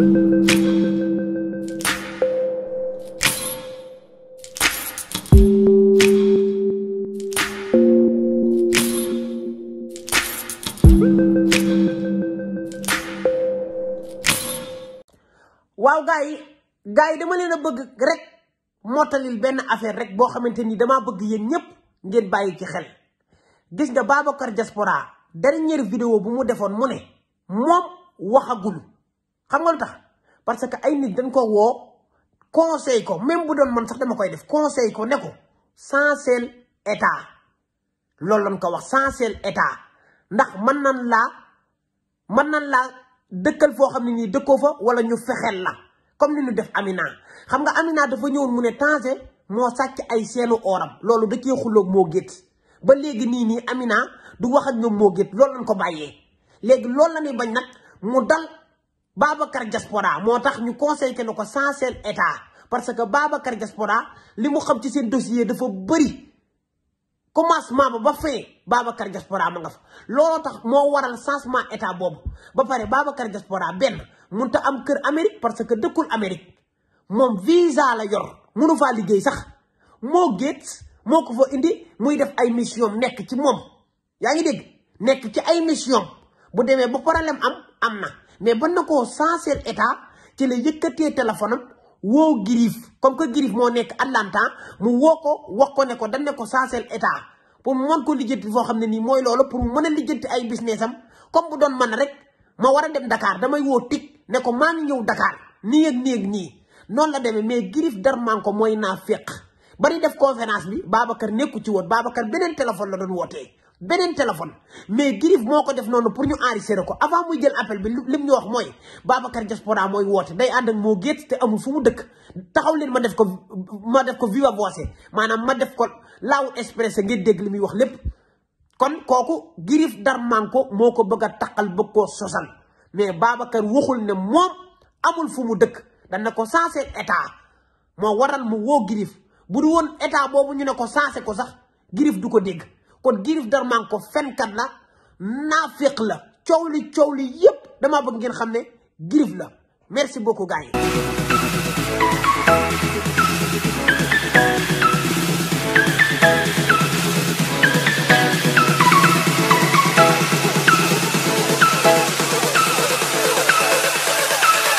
waaw gars yi gars yi dama leen a bëgg rek mottalil benn affaire rek boo xamante ni damaa bëgg yéen ñëpp ngeen bàyyi ci xel gis nga Babacar Diaspora dernière vidéo bu mu defoon mu ne moom waxagul xam nga lu tax parce que ay nit dañ koo woo conseil ko même bu doon man sax dama koy def conseil ko ne ko sancel état loolu lañ ko wax sancel état ndax mën nan laa mën nan laa dëkkal foo xam ne nii dëkkoo fa wala ñu fexel comme ni ñu def Amina xam nga Amina dafa ñëwoon mu ne Tange moo sàcc ay seenu ooram loolu da cee xuloo moo gét ba léegi nii nii Amina du wax ak ñoom moo gét loolu lañ ko bàyyee léegi loolu la ñuy bañ nag mu dal Babacar Diaspora spora, ñu conseil ke ko sans sel état parce que Babacar Diaspora limu xam ci sen dossier dafa beuri commencement ba ba fin Babacar Diaspora ma nga fa lolo tax mo waral changement état boobu ba pare Babacar Diaspora ben munta am keur amerique parce que dekul amerique mom visa la yor munu fa liggéey sax mo géet moko fa indi muy def ay mission nek ci mom yaangi deg nek ci ay mission bu deme bu problème am amna. mais ban na koo sans état ci la yëkkatee téléphone am woo Girif comme que Girif moo nekk at Atlanta mu woo ko wax ko ne ko dañ ne ko sans état pour mu mën ko lijjanti foo xam ne nii mooy loolu pour mu mën a lijjanti ay business am comme bu doon man rek ma war a dem Dakar damay woo tig ne ko maa ngi ñëw Dakar nii ak nii ak nii noonu la demee mais Girif darman ko mooy naa féq bari def conférence bi Babacar nekku ci woon Babacar beneen téléphone la doon wootee beneen téléphone mais Grif moo ko def noonu pour ñu enregistrer ko avant muy jël appel bi lim ñu wax mooy Babacar Diaspora mooy woote day ànd ak moo gétt te amul fu mu dëkk taxaw leen ma def ko ma def ko viva maanaam ma def ko laaw express ngir dégg li muy wax lépp kon kooku Grif Darmanko moo ko bëgg a taqal bëgg koo sosal mais Babacar waxul ne moom amul fu mu dëkk dana ko sensé état moo waral mu woo Grif bu woon état boobu ñu ne ko sensé ko sax Grif du ko dégg kon Griff Darmanko fenkat la naafiq la coow li coow li yëpp damaa bëgg ngeen xam ne Griff la merci beaucoup gars